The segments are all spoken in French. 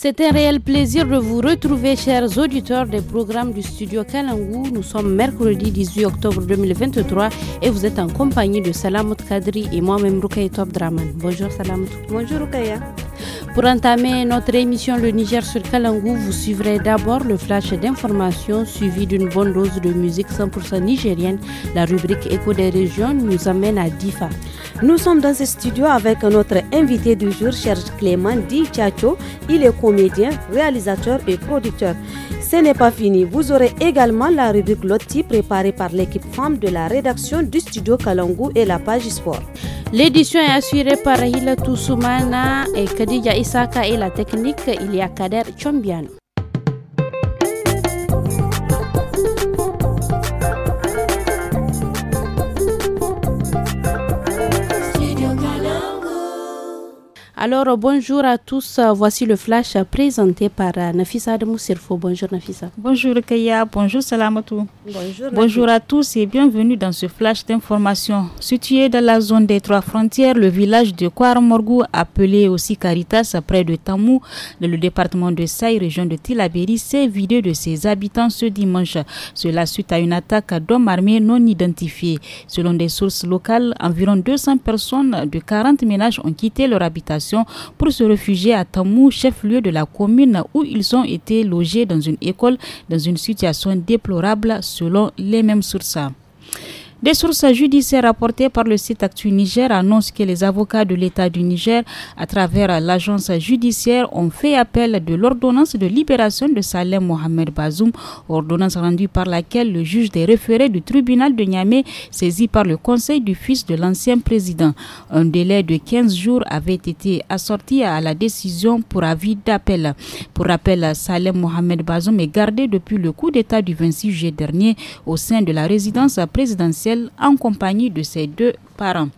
C'est un réel plaisir de vous retrouver, chers auditeurs des programmes du studio Kalangou. Nous sommes mercredi 18 octobre 2023 et vous êtes en compagnie de Salamut Kadri et moi-même Top Draman. Bonjour Salamut. Bonjour Rukaya. Pour entamer notre émission Le Niger sur Kalangu, vous suivrez d'abord le flash d'informations suivi d'une bonne dose de musique 100% nigérienne. La rubrique Écho des régions nous amène à Difa. Nous sommes dans ce studio avec notre invité du jour, cher Clément Di Chacho. Il est comédien, réalisateur et producteur ce n'est pas fini. Vous aurez également la rubrique Lotti préparée par l'équipe femme de la rédaction du studio Kalangu et la page Sport. L'édition est assurée par Hila Toussoumana et Kadija Isaka et la technique, il y Kader Chombiano. Alors, bonjour à tous. Voici le flash présenté par Nafisa de Bonjour Nafisa. Bonjour Kaya. Bonjour Salamatou. Bonjour. Bonjour à tous et bienvenue dans ce flash d'information. Situé dans la zone des trois frontières, le village de Kouaramorgou, appelé aussi Caritas, près de Tamou, dans le département de Saï, région de Tilabéry, s'est vidé de ses habitants ce dimanche. Cela suite à une attaque d'hommes armés non identifiés. Selon des sources locales, environ 200 personnes de 40 ménages ont quitté leur habitation pour se réfugier à Tamou, chef-lieu de la commune, où ils ont été logés dans une école dans une situation déplorable selon les mêmes sources. Des sources judiciaires rapportées par le site Actu Niger annoncent que les avocats de l'État du Niger, à travers l'agence judiciaire, ont fait appel de l'ordonnance de libération de Salem Mohamed Bazoum, ordonnance rendue par laquelle le juge des référés du tribunal de Niamey, saisi par le conseil du fils de l'ancien président, un délai de 15 jours avait été assorti à la décision pour avis d'appel. Pour rappel, Salem Mohamed Bazoum est gardé depuis le coup d'État du 26 juillet dernier au sein de la résidence présidentielle en compagnie de ses deux parents.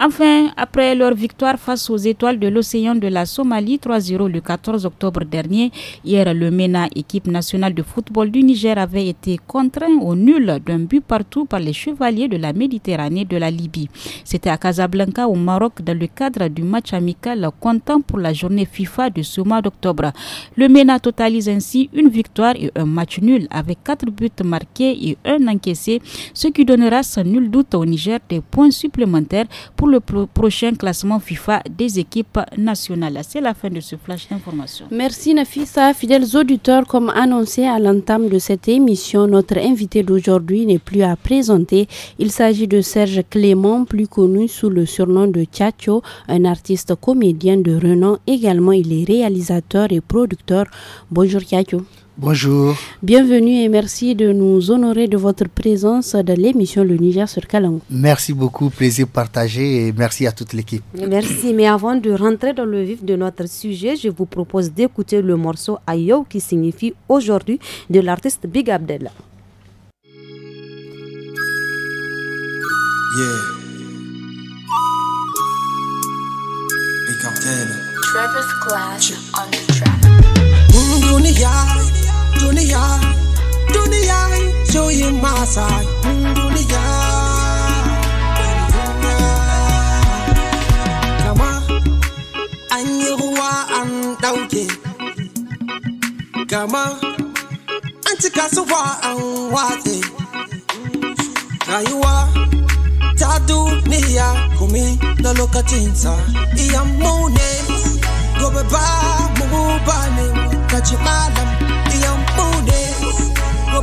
Enfin, après leur victoire face aux étoiles de l'océan de la Somalie 3-0 le 14 octobre dernier, hier le MENA, équipe nationale de football du Niger, avait été contraint au nul d'un but partout par les chevaliers de la Méditerranée de la Libye. C'était à Casablanca au Maroc dans le cadre du match amical comptant pour la journée FIFA de ce mois d'octobre. Le MENA totalise ainsi une victoire et un match nul avec quatre buts marqués et un encaissé, ce qui donnera sans nul doute au Niger des points supplémentaires pour le prochain classement FIFA des équipes nationales. C'est la fin de ce flash d'information. Merci Nafisa. Fidèles auditeurs, comme annoncé à l'entame de cette émission, notre invité d'aujourd'hui n'est plus à présenter. Il s'agit de Serge Clément, plus connu sous le surnom de Tchatcho, un artiste comédien de renom. Également, il est réalisateur et producteur. Bonjour Tchatcho. Bonjour. Bienvenue et merci de nous honorer de votre présence dans l'émission Le Niger sur Kalango. Merci beaucoup, plaisir partagé et merci à toute l'équipe. Merci, mais avant de rentrer dans le vif de notre sujet, je vous propose d'écouter le morceau Ayo qui signifie aujourd'hui de l'artiste Big Abdel. Yeah. dunia dunia shoyi masa dunia kama an yi ruwa an kama anti cika suwa an watse rayuwa ta duniya kumi na lokacinsa iya mune ne gobe ba mu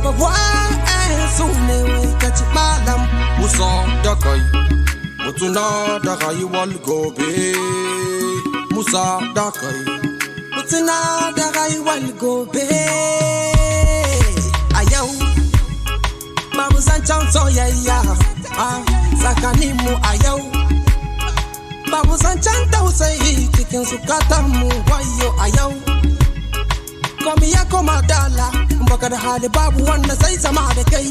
Mpavwa e soune we kechip malam Mousan dakay Moutou na daray wal gobe Mousan dakay Moutou na daray wal gobe Ayaou Mavou san chan soye ya Sakani mou ayaou Mavou san chan ta ou se yi Kikensou kata mou wayo ayaou Komi ya koma dala Mousan dakay baka da hali babu wanda sai sama da kai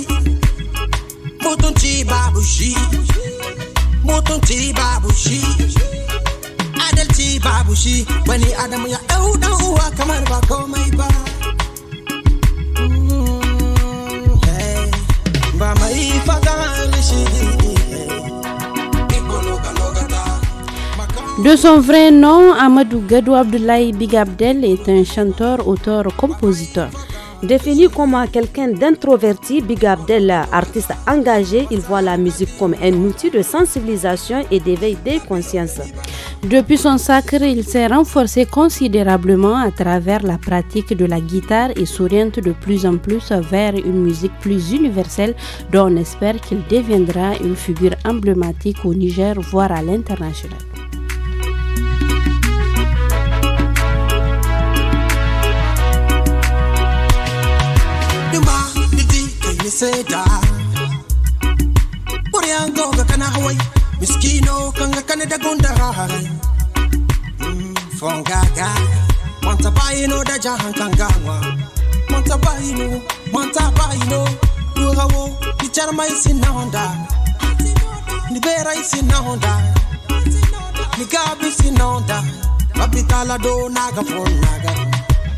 mutunci babu shi mutunci babu shi adalci babu shi wani adam ya ɗau dan uwa kamar ba komai ba ba mai fagar shi De son vrai nom, Amadou Gadou Abdoulaye Bigabdel est un chanteur, auteur, compositeur. Défini comme quelqu'un d'introverti, Big Abdel, artiste engagé, il voit la musique comme un outil de sensibilisation et d'éveil des consciences. Depuis son sacre, il s'est renforcé considérablement à travers la pratique de la guitare et s'oriente de plus en plus vers une musique plus universelle dont on espère qu'il deviendra une figure emblématique au Niger, voire à l'international. seta uriango kakana hawai miskino kangakane dagonda hahari mm, fongaga mantabaino dajahan kangawa mantabaino mantabaino durawo nicharma isinahonda nibera isinahonda nigabi isinahonda babitala do naga fonnaga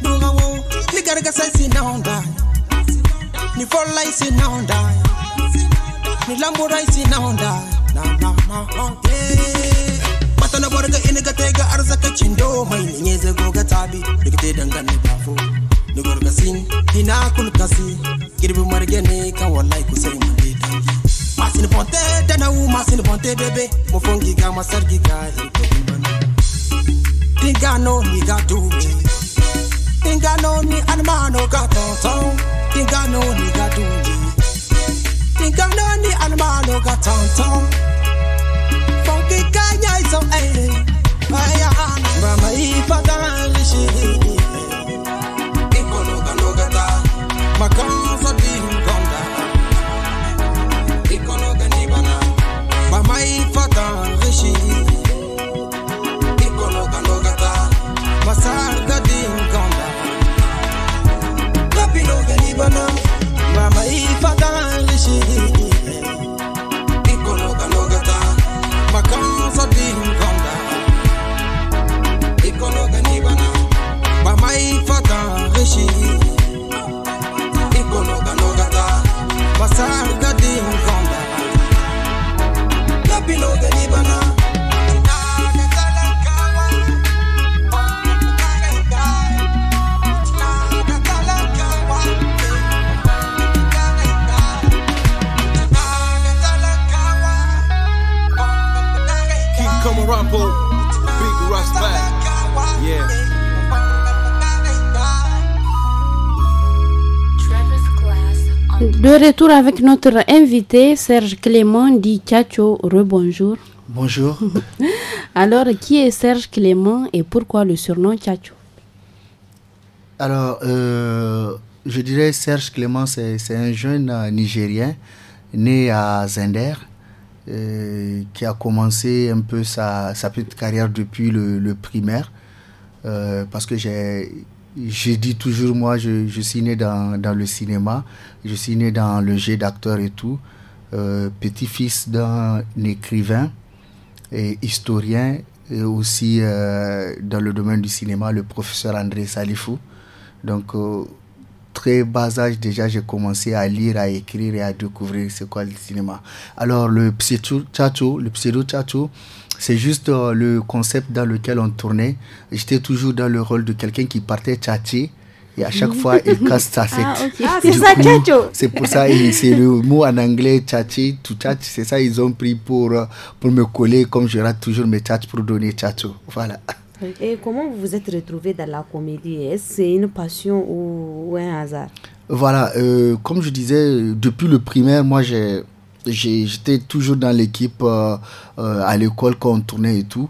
durawo nigargasa isinahonda ni fola isinaonda ni lambura isinaonda na na na okay matala warga ina ga tega arzaka cindo mai nyeze goga tabi digite dangane bafo ni gorga sin hina kul kasi girbi marge ne kan wallahi ku sai mun dai masin ponte dana u masin ponte baby. mo gama ga masar gi ga dinga no ni Think I know me and man no got on town. Think I know nigga do me. Think I know me and man no got on town. Funky Kanye so hey, my hand. Mama ipa dali shidi. Ipo no ga no ga ta. Makanza bin gonda. Iko no ga ni bana. Mama ipa dali shidi. avec notre invité Serge Clément dit Tiacho. Rebonjour. Bonjour. Alors, qui est Serge Clément et pourquoi le surnom Tchatcho Alors, euh, je dirais Serge Clément, c'est un jeune euh, Nigérien né à Zender. Euh, qui a commencé un peu sa, petite carrière depuis le, primaire. parce que j'ai dit toujours, moi, je, suis né dans, le cinéma. Je suis né dans le jeu d'acteur et tout. Euh, petit-fils d'un écrivain et historien et aussi euh, dans le domaine du cinéma, le professeur André Salifou. Donc, euh, très bas âge déjà, j'ai commencé à lire, à écrire et à découvrir ce quoi le cinéma. Alors, le pseudo-chacho, le c'est juste le concept dans lequel on tournait. J'étais toujours dans le rôle de quelqu'un qui partait tchatcher et à chaque fois, il casse sa ah, tête. Ah, c'est ça, C'est pour ça, c'est le mot en anglais, tchatchi, tout tchatch. C'est ça, ils ont pris pour, pour me coller, comme je rate toujours mes chats pour donner tchatcho. Voilà. Et comment vous vous êtes retrouvé dans la comédie Est-ce c'est une passion ou, un hasard Voilà, euh, comme je disais, depuis le primaire, moi, j'ai j'étais toujours dans l'équipe euh, euh, à l'école quand on tournait et tout.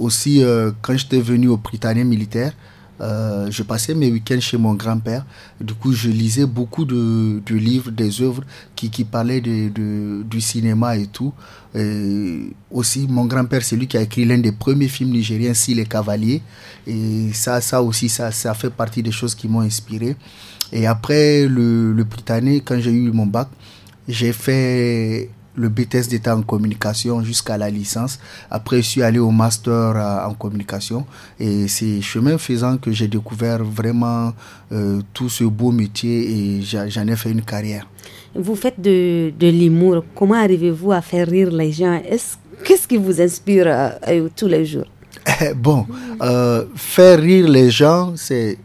aussi, quand j'étais venu au Britannique militaire, euh, je passais mes week-ends chez mon grand-père. Du coup, je lisais beaucoup de, livres, des œuvres qui, qui parlaient de, du cinéma et tout. aussi, mon grand-père, c'est lui qui a écrit l'un des premiers films nigériens, Si les Cavaliers. Et ça, ça aussi, ça, ça fait partie des choses qui m'ont inspiré. Et après le, le quand j'ai eu mon bac, j'ai fait le BTS d'État en communication jusqu'à la licence. Après, je suis allé au master euh, en communication. Et c'est chemin faisant que j'ai découvert vraiment euh, tout ce beau métier et j'en ai fait une carrière. Vous faites de, l'humour. Comment arrivez-vous à faire rire les gens Qu'est-ce qui vous inspire euh, tous les jours Bon, faire rire les gens, c'est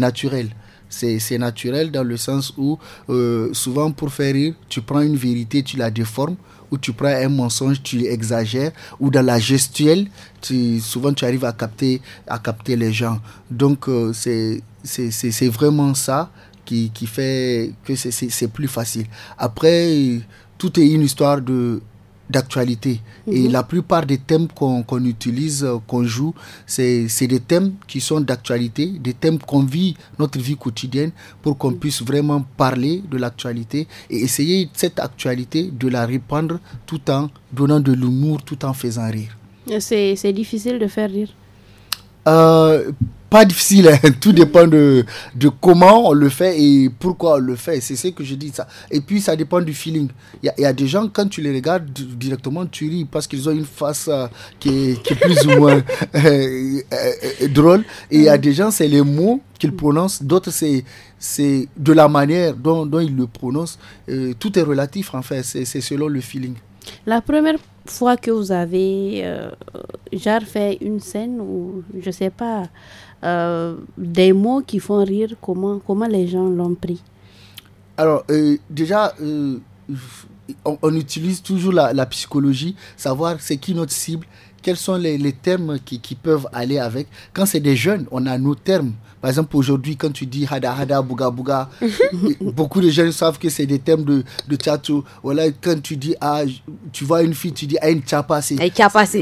naturel c'est naturel dans le sens où euh, souvent pour faire rire, tu prends une vérité, tu la déformes, ou tu prends un mensonge, tu exagères, ou dans la gestuelle, tu, souvent tu arrives à capter, à capter les gens. Donc euh, c'est c'est vraiment ça qui, qui fait que c'est plus facile. Après, tout est une histoire de d'actualité. Et mhm. la plupart des thèmes qu'on utilise, euh, qu'on joue, c'est des thèmes qui sont d'actualité, des thèmes qu'on vit notre vie quotidienne pour qu'on mhm. puisse vraiment parler de l'actualité et essayer cette actualité de la répandre tout en donnant de l'humour, tout en faisant rire. C'est difficile de faire rire. Euh, pas difficile, hein. tout dépend de, comment on le fait et pourquoi on le fait. C'est ce que je dis. Ça. Et puis, ça dépend du feeling. Il y, y, a des gens, quand tu les regardes directement, tu ris parce qu'ils ont une face euh, qui, est, qui, plus ou moins euh, drôle. Et il y a des gens, c'est les mots qu'ils prononcent. D'autres, c'est c'est de la manière dont, dont ils le prononcent. tout est relatif, en fait. C'est selon le feeling. La première fois que vous avez euh, fait une scène ou je sais pas euh, des mots qui font rire comment comment les gens l'ont pris alors euh, déjà euh, on, utilise toujours la, psychologie savoir c'est qui notre cible quels sont les, termes qui, qui, peuvent aller avec quand c'est des jeunes on a nos termes par exemple, aujourd'hui, quand tu dis Hada Hada, Bouga Bouga, beaucoup de jeunes savent que c'est des thèmes de, de Voilà, quand tu dis, ah, tu vois une fille, tu dis, ah, une tchapasé.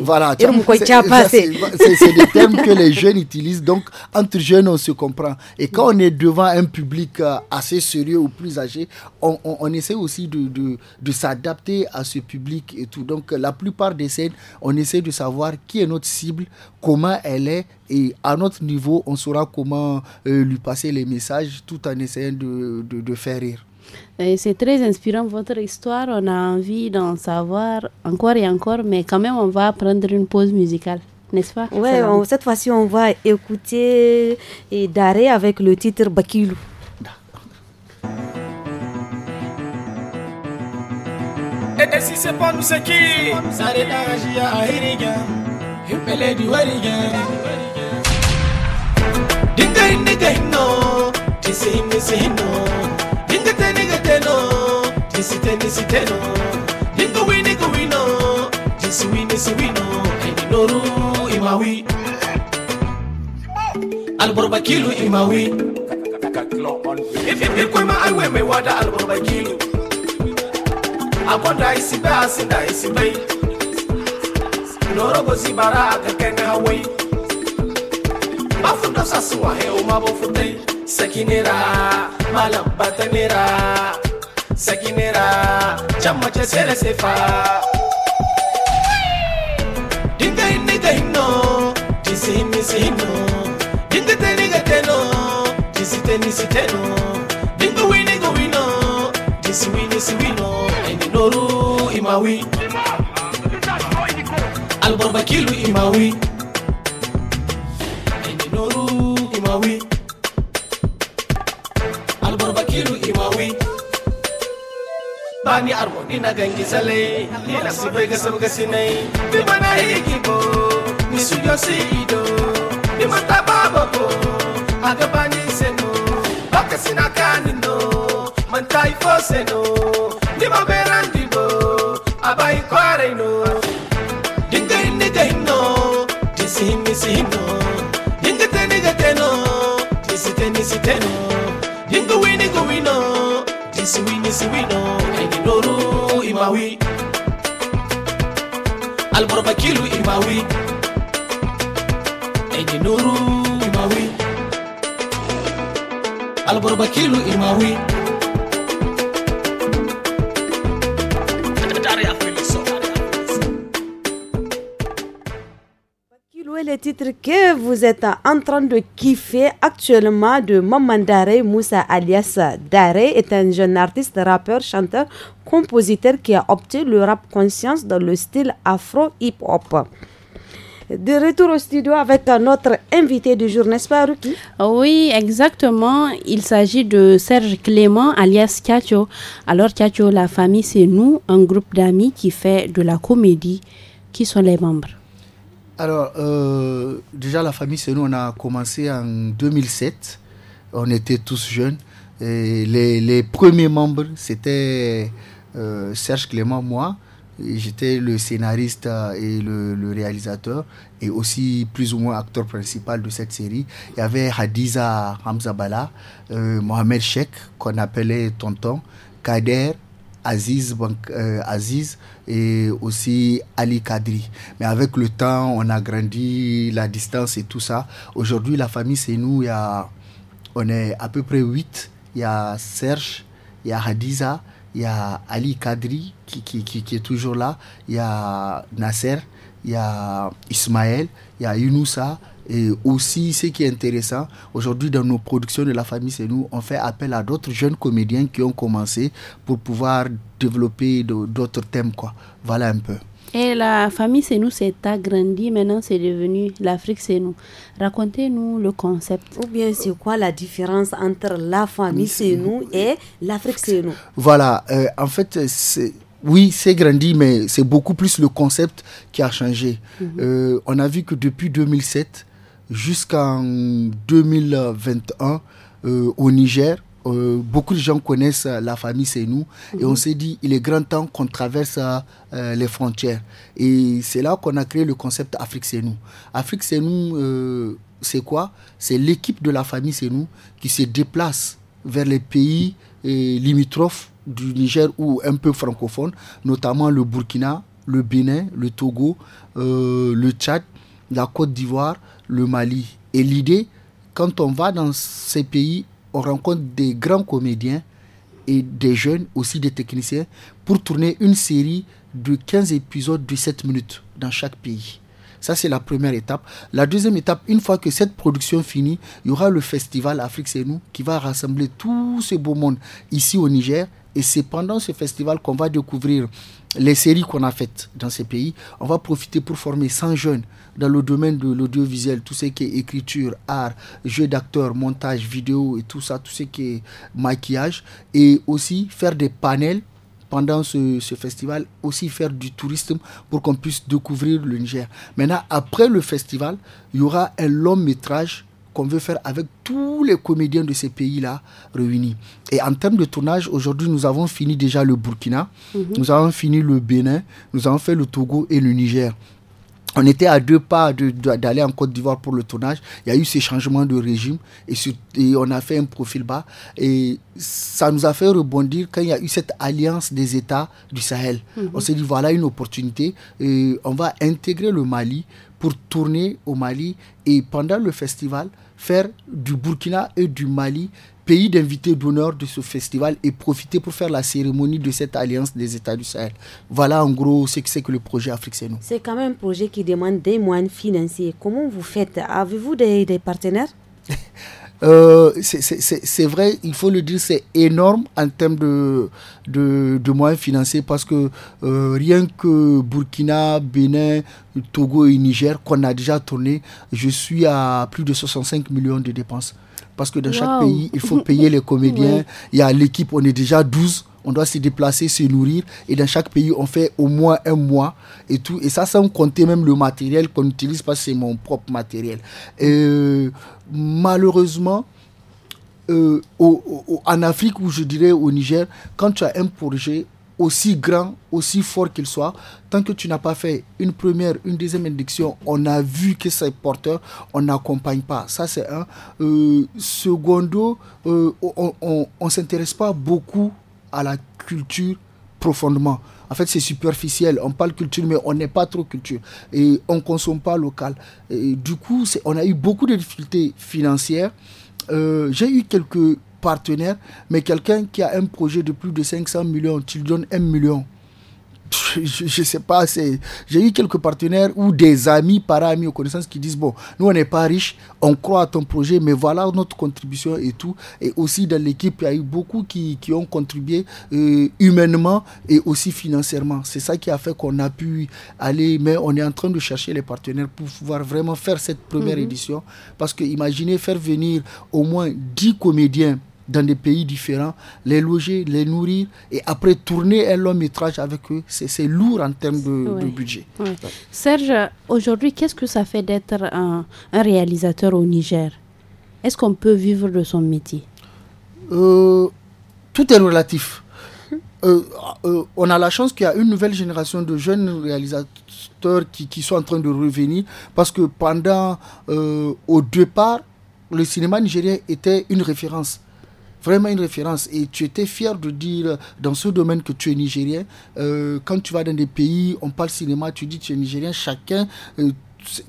Voilà, c'est des thèmes que les jeunes utilisent. Donc, entre jeunes, on se comprend. Et quand on est devant un public euh, assez sérieux ou plus âgé, on, on, on essaie aussi de, de, de s'adapter à ce public et tout. Donc, la plupart des scènes, on essaie de savoir qui est notre cible, comment elle est, et à notre niveau, on saura comment euh, lui passer les messages tout en essayant de, de, faire rire. C'est très inspirant votre histoire, on a envie d'en savoir encore et encore, mais quand même on va prendre une pause musicale, n'est-ce pas Ouais, cette fois-ci on va écouter et Daré avec le titre Bakilou. Et si c'est pas nous qui nigahino tisihimisihino ningate nigateno tisitenisiteno ningawinigawino tisiwinisiwino aininoru imawi alborbakilu imawi ikwema aiweme wada alborbakilu akonda isibe asinda isibai norogo zibara akakenga hawai Mafundo heo mabofute Malamba chesere sefa Dinga Dinga himi si bafundo sasuwahew mabofuday sakinera malambatanera sakinera cammace seresefa dingainnigainno tisihimisihinno wini si wino tisiwinisiwino noru imawi Alborba kilu imawi bani arwani na gangi zale ina si bai ga sabga sinai bi mana hiki bo ni su si ido ni mata baba bo aga bani seno baka sina kanindo man tai fo seno ni ma berandi bo abai kware no dinga inni ga hinno disi hinni si hinno dinga teni ga teno disi teni si teno dinga wini ga wino disi wini si wino imawi albarbakilu imawi ẹni nuru imawi albarbakilu imawi. que vous êtes en train de kiffer actuellement de Maman Dare Moussa alias Dare est un jeune artiste, rappeur, chanteur, compositeur qui a opté le rap conscience dans le style afro-hip-hop. De retour au studio avec notre invité du jour, n'est-ce pas, Ruki Oui, exactement. Il s'agit de Serge Clément, alias Kacho. Alors, Kacho, la famille, c'est nous, un groupe d'amis qui fait de la comédie. Qui sont les membres alors, euh, déjà, la famille, c'est nous, on a commencé en 2007. On était tous jeunes. les, premiers membres, c'était euh, Serge Clément, moi. J'étais le scénariste euh, et le, réalisateur et aussi plus ou moins acteur principal de cette série. Il y avait Hadiza Hamzabala, Mohamed Sheikh, qu'on appelait Tonton, Kader, Aziz, euh, Aziz et aussi Ali Kadri. Mais avec le temps, on a grandi, la distance et tout ça. Aujourd'hui, la famille, c'est nous. Il y a, on est à peu près 8. Il y a Serge, il y a Hadiza, il y a Ali Kadri qui, est toujours là, il y a Nasser, il y a Ismaël, il y a Younousa, et aussi, ce qui est intéressant, aujourd'hui dans nos productions de la famille, c'est nous, on fait appel à d'autres jeunes comédiens qui ont commencé pour pouvoir développer d'autres thèmes. Quoi. Voilà un peu. Et la famille, c'est nous, s'est agrandie. Maintenant, c'est devenu l'Afrique, c'est nous. Racontez-nous le concept. Ou bien, c'est quoi la différence entre la famille, c'est nous et l'Afrique, c'est nous Voilà. Euh, en fait, oui, c'est grandi, mais c'est beaucoup plus le concept qui a changé. Mhm. Euh, on a vu que depuis 2007, jusqu'en 2021 euh, au Niger. Euh, beaucoup de gens connaissent euh, la famille C'est nous et mhm. on s'est dit il est grand temps qu'on traverse les frontières et c'est là qu'on a créé le concept Afrique C'est nous. Afrique C'est nous c'est quoi C'est l'équipe de la famille C'est nous qui se déplace vers les pays limitrophes du Niger ou un peu francophones, notamment le Burkina, le Bénin, le Togo, le Tchad, la Côte d'Ivoire, le Mali. Et l'idée, quand on va dans ces pays, on rencontre des grands comédiens et des jeunes, aussi des techniciens, pour tourner une série de 15 épisodes de 7 minutes dans chaque pays. Ça, c'est la première étape. La deuxième étape, une fois que cette production finie, il y aura le festival Afrique C'est nous qui va rassembler tout ce beau monde ici au Niger. Et c'est pendant ce festival qu'on va découvrir les séries qu'on a faites dans ces pays, on va profiter pour former 100 jeunes dans le domaine de l'audiovisuel, tout ce qui est écriture, art, jeu d'acteur, montage, vidéo et tout ça, tout ce qui est maquillage, et aussi faire des panels pendant ce, ce, festival, aussi faire du tourisme pour qu'on puisse découvrir le Niger. Maintenant, après le festival, il y aura un long métrage qu'on veut faire avec tous les comédiens de ces pays-là réunis. Et en termes de tournage, aujourd'hui, nous avons fini déjà le Burkina, mhm. nous avons fini le Bénin, nous avons fait le Togo et le Niger. On était à deux pas d'aller en Côte d'Ivoire pour le tournage. Il y a eu ces changements de régime et, on a fait un profil bas. Et ça nous a fait rebondir quand il y a eu cette alliance des États du Sahel. Mhm. On s'est dit, voilà une opportunité. Et on va intégrer le Mali pour tourner au Mali. Et pendant le festival, faire du Burkina et du Mali pays d'invités d'honneur de ce festival et profiter pour faire la cérémonie de cette alliance des États du Sahel. Voilà en gros ce que c'est que le projet Afrique C'est C'est quand même un projet qui demande des moyens financiers. Comment vous faites Avez-vous des partenaires euh, c'est vrai, il faut le dire, c'est énorme en termes de, de, moyens financiers parce que euh, rien que Burkina, Bénin, Togo et Niger, qu'on a déjà tourné, je suis à plus de 65 millions de dépenses parce que dans chaque pays, il faut payer les comédiens. Il y a l'équipe, on est déjà 12 on doit se déplacer, se nourrir. Et dans chaque pays, on fait au moins un mois et tout. Et ça, sans compter même le matériel qu'on utilise, parce que c'est mon propre matériel. Euh, malheureusement, euh, en Afrique, ou je dirais au Niger, quand tu as un projet, aussi grand, aussi fort qu'il soit, tant que tu n'as pas fait une première, une deuxième induction, on a vu que c'est porteur, on n'accompagne pas. Ça, c'est un. Euh, secondo, euh, on ne s'intéresse pas beaucoup à la culture profondément. En fait, c'est superficiel. On parle culture, mais on n'est pas trop culture. Et on ne consomme pas local. du coup, on a eu beaucoup de difficultés financières. Euh, j'ai eu quelques partenaire, mais quelqu'un qui a un projet de plus de 500 millions, tu lui donnes 1 million. Je, ne sais pas, j'ai eu quelques partenaires ou des amis, par amis aux connaissances qui disent Bon, nous on n'est pas riches, on croit à ton projet, mais voilà notre contribution et tout. Et aussi dans l'équipe, il y a eu beaucoup qui, ont contribué euh, humainement et aussi financièrement. C'est ça qui a fait qu'on a pu aller, mais on est en train de chercher les partenaires pour pouvoir vraiment faire cette première mhm. édition. Parce que imaginez faire venir au moins 10 comédiens dans des pays différents, les loger, les nourrir et après tourner un long métrage avec eux. C'est lourd en termes de, budget. Serge, aujourd'hui, qu'est-ce que ça fait d'être un, réalisateur au Niger Est-ce qu'on peut vivre de son métier euh, Tout est relatif. Euh, euh, on a la chance qu'il y a une nouvelle génération de jeunes réalisateurs qui, sont en train de revenir parce que pendant, au départ, le cinéma nigérien était une référence vraiment une référence. Et tu étais fier de dire dans ce domaine que tu es nigérien. Euh, quand tu vas dans des pays, on parle cinéma, tu dis tu es nigérien, chacun euh,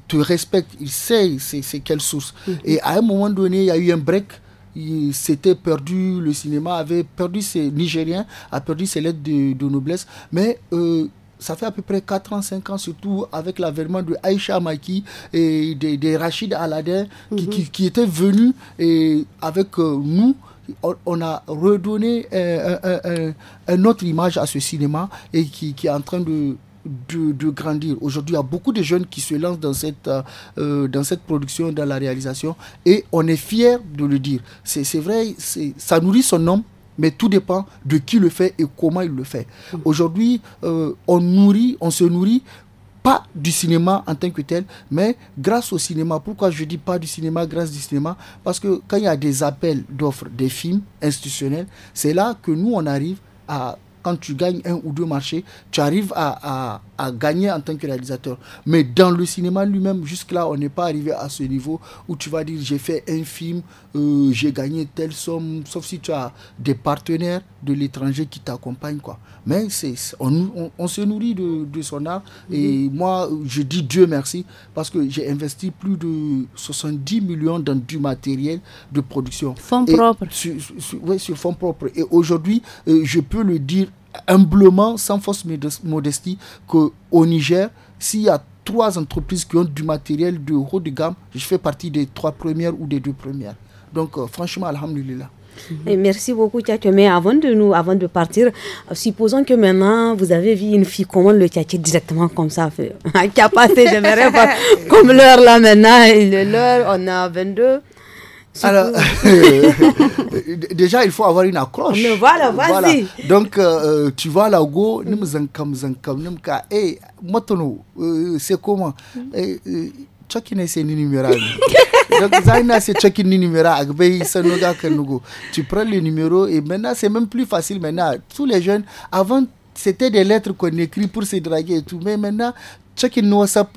te respecte, il sait c'est quelle source. Mhm. Et à un moment donné, il y a eu un break c'était perdu, le cinéma avait perdu ses Nigériens, a perdu ses lettres de, noblesse. Mais euh, ça fait à peu près 4 ans, 5 ans, surtout avec l'avènement de Aïcha Maki et des de Rachid Aladin, mhm. qui, étaient venus et avec nous on a redonné une autre image à ce cinéma et qui, est en train de, de, grandir. Aujourd'hui, il y a beaucoup de jeunes qui se lancent dans cette, euh, dans cette production, dans la réalisation, et on est fier de le dire. C'est vrai, ça nourrit son nom, mais tout dépend de qui le fait et comment il le fait. Mm. Aujourd'hui, euh, on nourrit, on se nourrit pas du cinéma en tant que tel, mais grâce au cinéma. Pourquoi je dis pas du cinéma, grâce du cinéma Parce que quand il y a des appels d'offres des films institutionnels, c'est là que nous, on arrive à, quand tu gagnes un ou deux marchés, tu arrives à, à à gagner en tant que réalisateur. Mais dans le cinéma lui-même, jusque-là, on n'est pas arrivé à ce niveau où tu vas dire j'ai fait un film, euh, j'ai gagné telle somme, sauf si tu as des partenaires de l'étranger qui t'accompagnent. Quoi. Mais c'est, on, se nourrit de, son art. Et moi, je dis Dieu merci parce que j'ai investi plus de 70 millions dans du matériel de production. Fonds propres. Sur, sur fonds propres. Et aujourd'hui, euh, je peux le dire humblement, sans force de modestie, qu'au Niger, s'il y a trois entreprises qui ont du matériel de haut de gamme, je fais partie des trois premières ou des deux premières. Donc, euh, franchement, Alhamdulillah. Et merci beaucoup, Tchatche. Mais avant de nous, avant de partir, euh, supposons que maintenant vous avez vu une fille commande le Tchatche directement comme ça. Qui a passé, j'aimerais pas. Comme l'heure là maintenant, il est l'heure, on a 22. Alors, euh, déjà, il faut avoir une accroche. voilà, vas-y. Voilà. Donc, euh, euh tu vois, là, go, mm. zankam, zankam, nimka, hey, eh, motono, euh, c'est comment et eh, euh, Chucky ne c'est numéro. Donc, Zaina, c'est Chucky numéro. Kanugo. Ben, tu prends le numéro et maintenant, c'est même plus facile. Maintenant, tous les jeunes, avant c'était des lettres qu'on écrit pour se draguer et tout. Mais maintenant, checking WhatsApp,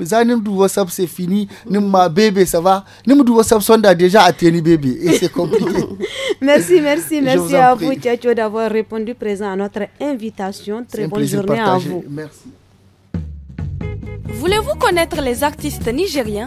WhatsApp c'est fini, mm. ma bébé ça va, Nimdu WhatsApp a déjà atteint bébé et c'est compliqué. merci, merci, merci à vous Tchatcho d'avoir répondu présent à notre invitation. Très bonne journée à vous. Merci. Voulez-vous connaître les artistes nigériens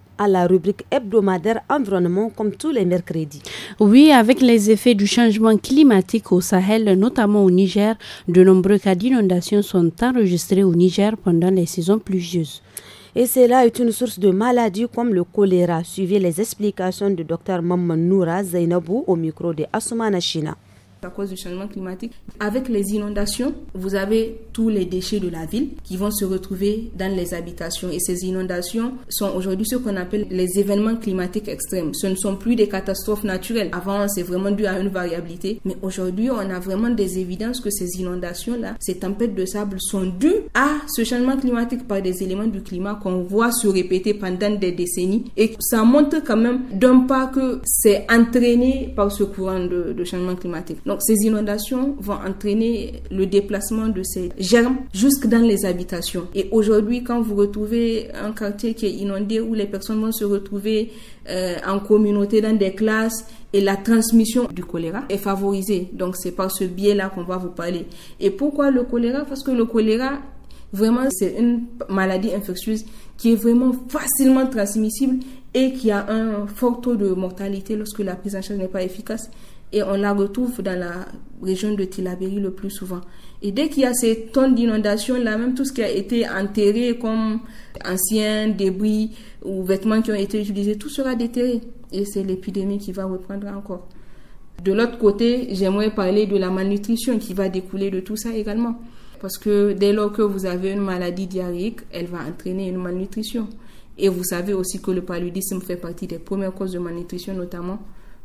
à la rubrique hebdomadaire environnement comme tous les mercredis. Oui, avec les effets du changement climatique au Sahel, notamment au Niger, de nombreux cas d'inondations sont enregistrés au Niger pendant les saisons pluvieuses et cela est une source de maladies comme le choléra. Suivez les explications du docteur Maman Noura Zainabou au micro de Asumana China à cause du changement climatique. Avec les inondations, vous avez tous les déchets de la ville qui vont se retrouver dans les habitations. Et ces inondations sont aujourd'hui ce qu'on appelle les événements climatiques extrêmes. Ce ne sont plus des catastrophes naturelles. Avant, c'est vraiment dû à une variabilité. Mais aujourd'hui, on a vraiment des évidences que ces inondations-là, ces tempêtes de sable sont dues à ce changement climatique par des éléments du climat qu'on voit se répéter pendant des décennies. Et ça montre quand même d'un pas que c'est entraîné par ce courant de, de changement climatique. Donc ces inondations vont entraîner le déplacement de ces germes jusque dans les habitations. Et aujourd'hui, quand vous retrouvez un quartier qui est inondé où les personnes vont se retrouver euh, en communauté dans des classes et la transmission du choléra est favorisée. Donc c'est par ce biais-là qu'on va vous parler. Et pourquoi le choléra Parce que le choléra Vraiment, c'est une maladie infectieuse qui est vraiment facilement transmissible et qui a un fort taux de mortalité lorsque la prise en charge n'est pas efficace et on la retrouve dans la région de Tilaberi le plus souvent. Et dès qu'il y a ces tonnes d'inondations, là même tout ce qui a été enterré comme anciens débris ou vêtements qui ont été utilisés, tout sera déterré. Et c'est l'épidémie qui va reprendre encore. De l'autre côté, j'aimerais parler de la malnutrition qui va découler de tout ça également. Parce que dès lors que vous avez une maladie diarrhéique, elle va entraîner une malnutrition. Et vous savez aussi que le paludisme fait partie des premières causes de malnutrition, notamment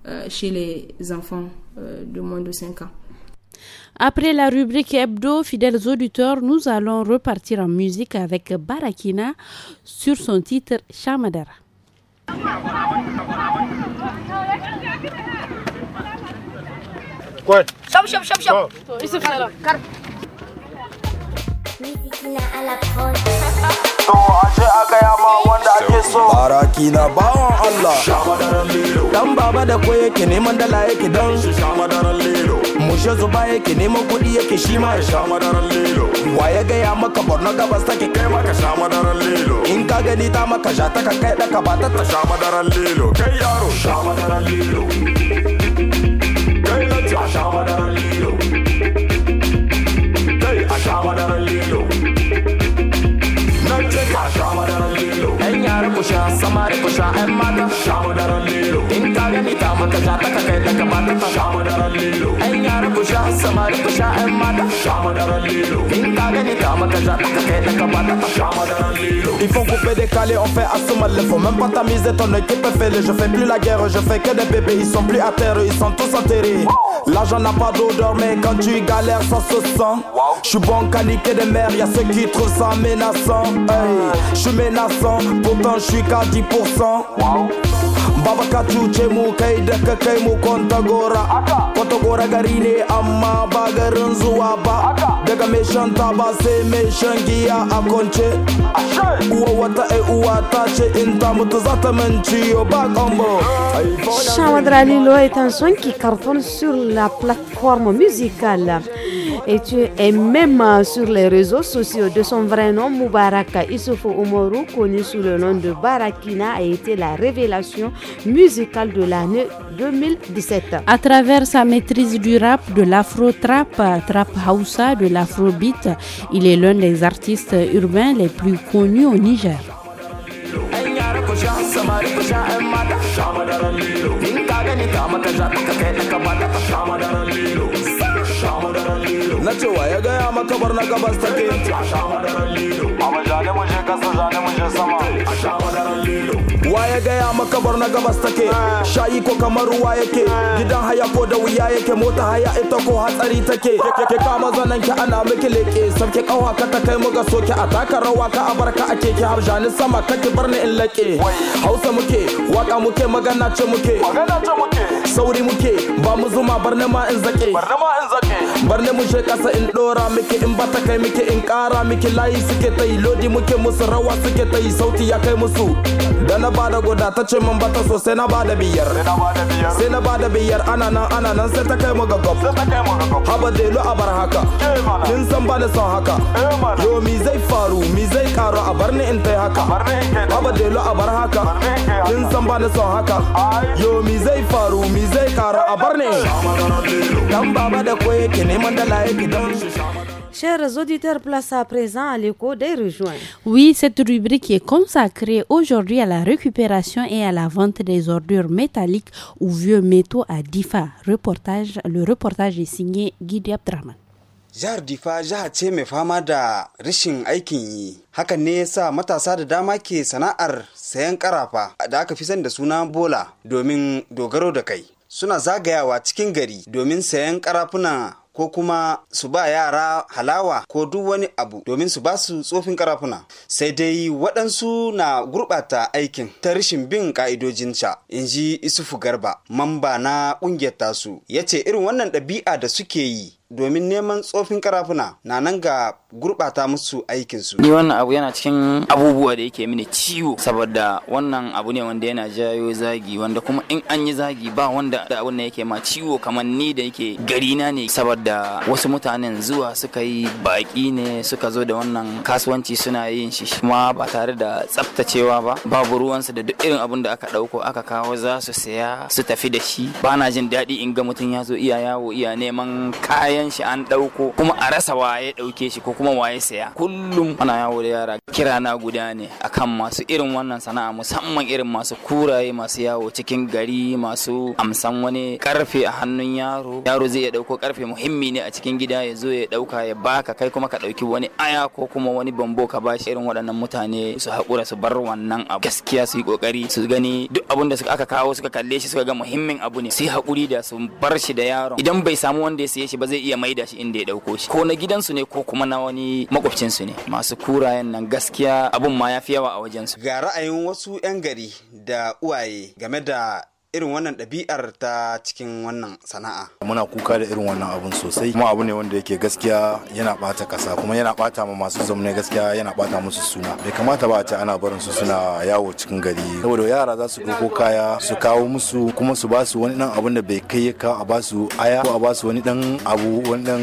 euh, chez les enfants euh, de moins de 5 ans. Après la rubrique hebdo, fidèles auditeurs, nous allons repartir en musique avec Barakina sur son titre Chamadara. To ashe a wanda ake so. Baraki na bawan Allah. Dan baba da ko yake neman dala yake dan. Mushe zuba yake neman kuɗi yake shi ma ya sha madaran lilo. Wa ya gaya maka borno gabas take kai maka sha madaran lilo. In ka gani ta maka sha ta kai daka ba ta sha madaran lilo. Kai yaro Shama madaran lilo. Kai lati sha madaran lilo. Shabba dabba lilo. Not take a shabba kar kusha samare kusha emata shamu daralilo inkaganita mata jata kakaita kabata shamu daralilo engar kusha samare kusha emata shamu daralilo inkaganita mata jata kakaita kabata shamu daralilo ils font couper décaler on fait assumer le fond même pas ta mise ton œil qui peut faire je fais plus la guerre je fais que des bébés ils sont plus à terre ils sont tous enterrés L'argent n'a pas d'odeur, mais quand tu galères, ça se sent. Je suis bon qu'à niquer des mères, y'a ceux qui trouvent ça menaçant. Hey, je suis menaçant, chica je suis qu'à 10%. Wow. Baba kacuce mu kai da ka kai mu kwantagora Kwantagora gari ne amma ba garin Daga mai shan taba sai mai shan giya wata mutu zata ta Chamadra Lilo est un son qui cartonne sur la plateforme musicale et tu es même sur les réseaux sociaux de son vrai nom Moubaraka Issoufou Umoru, connu sous le nom de Barakina, a été la révélation musicale de l'année 2017. À travers sa maîtrise du rap, de l'afro-trap, trap hausa, de l'afro-beat, il est l'un des artistes urbains les plus connus au Niger. na cewa ya gaya makabar na gabas take Baba jane mu je kasa jane mu je sama Wa ya gaya makabar na gabas take shayi ko kamar ruwa yake gidan haya ko da wuya yake mota haya ita ko hatsari take ke kama zanen ki ana miki leke sauke kawa ka ta kai muga soke a taka rawa ka barka a keke har jani sama ka bar ni in lake Hausa muke waka muke magana ce muke magana ce muke sauri muke ba mu zuma barna ma in zake barna ma in zake bar mu je kasa in dora miki in bata kai miki in kara miki layi suke ta yi lodi muke musu rawa suke ta yi sauti ya kai musu da na bada guda ta ce min bata sai na bada biyar sai na bada biyar ana nan ana nan sai ta kai mu ga gob haba delu a bar haka kin san ba da son haka eh yo mi zai faru mi zai karu a bar ni in tai haka haba delu a bar haka kin san ba da son haka yo mi zai faru mi zai karu a bar ni dan baba da koyake Chers auditeurs, place à présent à l'écho des rejoints. Oui, cette rubrique est consacrée aujourd'hui à la récupération et à la vente des ordures métalliques ou vieux métaux à Difa. Reportage, le reportage est signé Guy Abdraman. Jihar Difa jiha ce mai fama da rashin aikin yi, hakan ne sa matasa da dama ke sana'ar sayan karafa da aka fi san da suna bola domin dogaro da kai. Suna zagayawa cikin gari domin sayan karafuna ko kuma su ba yara halawa ko duk wani abu domin su ba su tsofin karafuna sai dai waɗansu na gurɓata aikin ta rashin bin ƙa'idojinsa in ji isufu garba mamba na ƙungiyar tasu ya ce irin wannan ɗabi'a da suke yi domin neman tsofin karafuna na nan ga gurbata musu aikinsu. Ni wannan abu yana cikin abubuwa da yake mini ciwo saboda wannan abu ne wanda yana jayo zagi wanda kuma in an yi zagi ba wanda da abun yake ma ciwo kamar ni da yake gari na ne saboda wasu mutanen zuwa suka yi baki ne suka zo da wannan kasuwanci suna yin shi kuma ba tare da tsaftacewa ba babu ruwansu da duk irin abun da aka dauko aka kawo za su saya su tafi da shi Bana jin daɗi in ga mutum ya zo iya yawo iya neman kaya kayan shi an ɗauko kuma a rasa waye ɗauke shi ko kuma waye saya kullum ana yawo da yara kira na guda ne akan masu irin wannan sana'a musamman irin masu kuraye masu yawo cikin gari masu amsan wani karfe a hannun yaro yaro zai iya ɗauko karfe muhimmi ne a cikin gida ya zo ya ɗauka ya baka kai kuma ka ɗauki wani aya ko kuma wani bambo ka bashi irin waɗannan mutane su haƙura su bar wannan abu gaskiya su yi ƙoƙari su gani duk abin da aka kawo suka kalle shi suka ga muhimmin abu ne su yi haƙuri da su bar shi da yaron idan bai samu wanda ya siye shi ba zai iya maida shi inda ya dauko shi ko na gidansu ne ko kuma na wani makwabcinsu ne masu kurayen nan gaskiya abun ma ya fi yawa a wajensu ga ra'ayin wasu 'yan gari da uwaye game da irin wannan ɗabi'ar ta cikin wannan sana'a. Muna kuka da irin wannan abun sosai kuma abu ne wanda yake gaskiya yana ɓata ƙasa kuma yana ɓata ma masu zaune gaskiya yana ɓata musu suna. Bai kamata ba a ce ana barin su suna yawo cikin gari saboda yara za su ɗauko kaya su kawo musu kuma su ba su wani ɗan abun da bai kai ka a ba su aya ko a ba su wani ɗan abu wani ɗan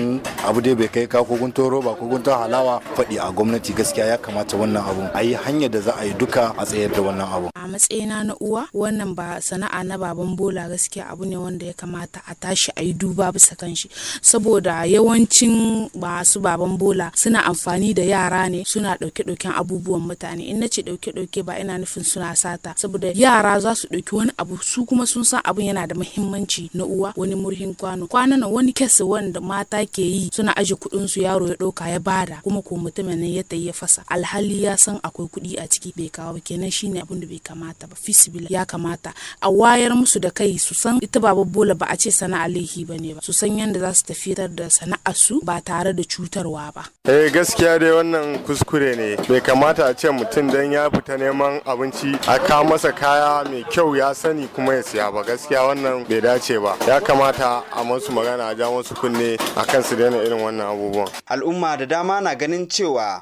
abu dai bai kai ka ko guntun roba ko guntun halawa faɗi a gwamnati gaskiya ya kamata wannan abun a yi hanyar da za a yi duka a tsayar da wannan abun. A matsayina na uwa wannan ba sana'a na ababen bola gaskiya abu ne wanda ya kamata a tashi a yi duba bisa kan shi saboda yawancin masu baban bola suna amfani da yara ne suna ɗauke-ɗauken abubuwan mutane in nace ɗauke-ɗauke ba ina nufin suna sata saboda yara za su ɗauki wani abu su kuma sun san abun yana da muhimmanci na uwa wani murhin kwano kwanan wani kesa wanda mata ke yi suna aje kuɗin su yaro ya ɗauka ya bada kuma ko mutumin nan ya tayi ya fasa alhali ya san akwai kuɗi a ciki bai kawo kenan shine abun da bai kamata ba fisibila ya kamata a wayar wayar musu da kai su san ita ba bola ba a ce sana'a laihi ba ne ba su san yadda za su tafiyar da sana'ar su ba tare da cutarwa ba eh gaskiya dai wannan kuskure ne bai kamata a ce mutum dan ya fita neman abinci a ka masa kaya mai kyau ya sani kuma ya siya ba gaskiya wannan bai dace ba ya kamata a masu magana a ja masu kunne kan su daina irin wannan abubuwan al'umma da dama na ganin cewa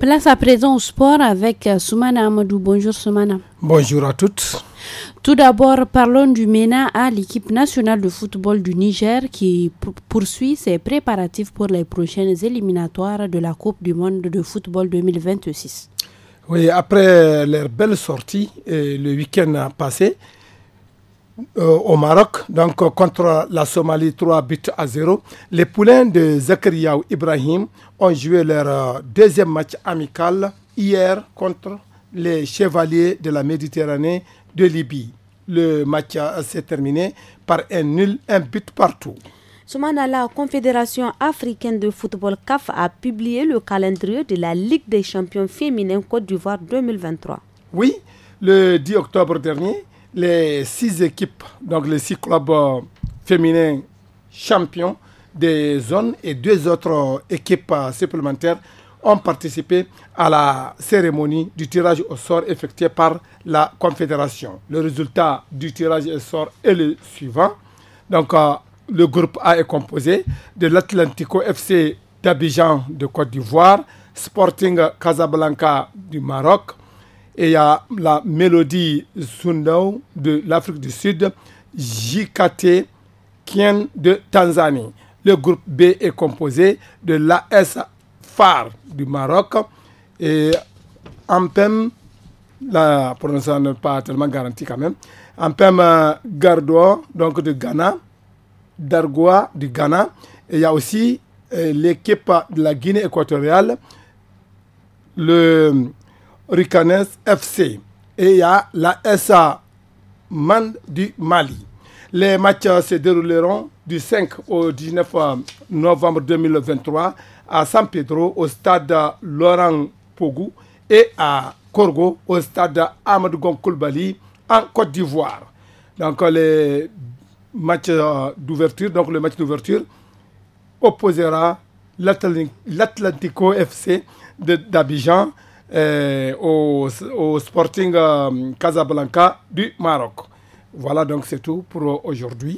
Place à présent au sport avec euh, Soumana Amadou. Bonjour Soumana. Bonjour à toutes. Tout d'abord, parlons du MENA à l'équipe nationale de football du Niger qui poursuit ses préparatifs pour les prochaines éliminatoires de la Coupe du monde de football 2026. Oui, après leur belle sortie le week-end passé, euh, au Maroc, donc contre la Somalie 3 buts à 0. Les poulains de Zakaria Ibrahim ont joué leur euh, deuxième match amical hier contre les Chevaliers de la Méditerranée de Libye. Le match euh, s'est terminé par un nul, un but partout. Soumana, la Confédération africaine de football CAF a publié le calendrier de la Ligue des champions féminins Côte d'Ivoire 2023. Oui, le 10 octobre dernier, les six équipes, donc les six clubs euh, féminins champions des zones et deux autres équipes euh, supplémentaires ont participé à la cérémonie du tirage au sort effectué par la Confédération. Le résultat du tirage au sort est le suivant. Donc, euh, le groupe A est composé de l'Atlantico FC d'Abidjan de Côte d'Ivoire, Sporting Casablanca du Maroc, et il y a la mélodie Zundao de l'Afrique du Sud, JKT Kien de Tanzanie. Le groupe B est composé de l'AS FAR du Maroc et Ampem, la prononciation n'est pas tellement garantie quand même, Ampem euh, Gardois, donc de Ghana, Dargoa du Ghana, et il y a aussi euh, l'équipe de la Guinée équatoriale, le Ricanes FC et à la SA Man du Mali. Les matchs se dérouleront du 5 au 19 euh, novembre 2023 à San Pedro au stade Laurent Pogou et à Corgo au stade Ahmed Gonkoulbali en Côte d'Ivoire. Donc euh, les matchs euh, d'ouverture, donc le match d'ouverture opposera l'Atlantico FC d'Abidjan euh, au, au, Sporting euh, Casablanca du Maroc. Voilà, donc c'est tout pour euh, aujourd'hui.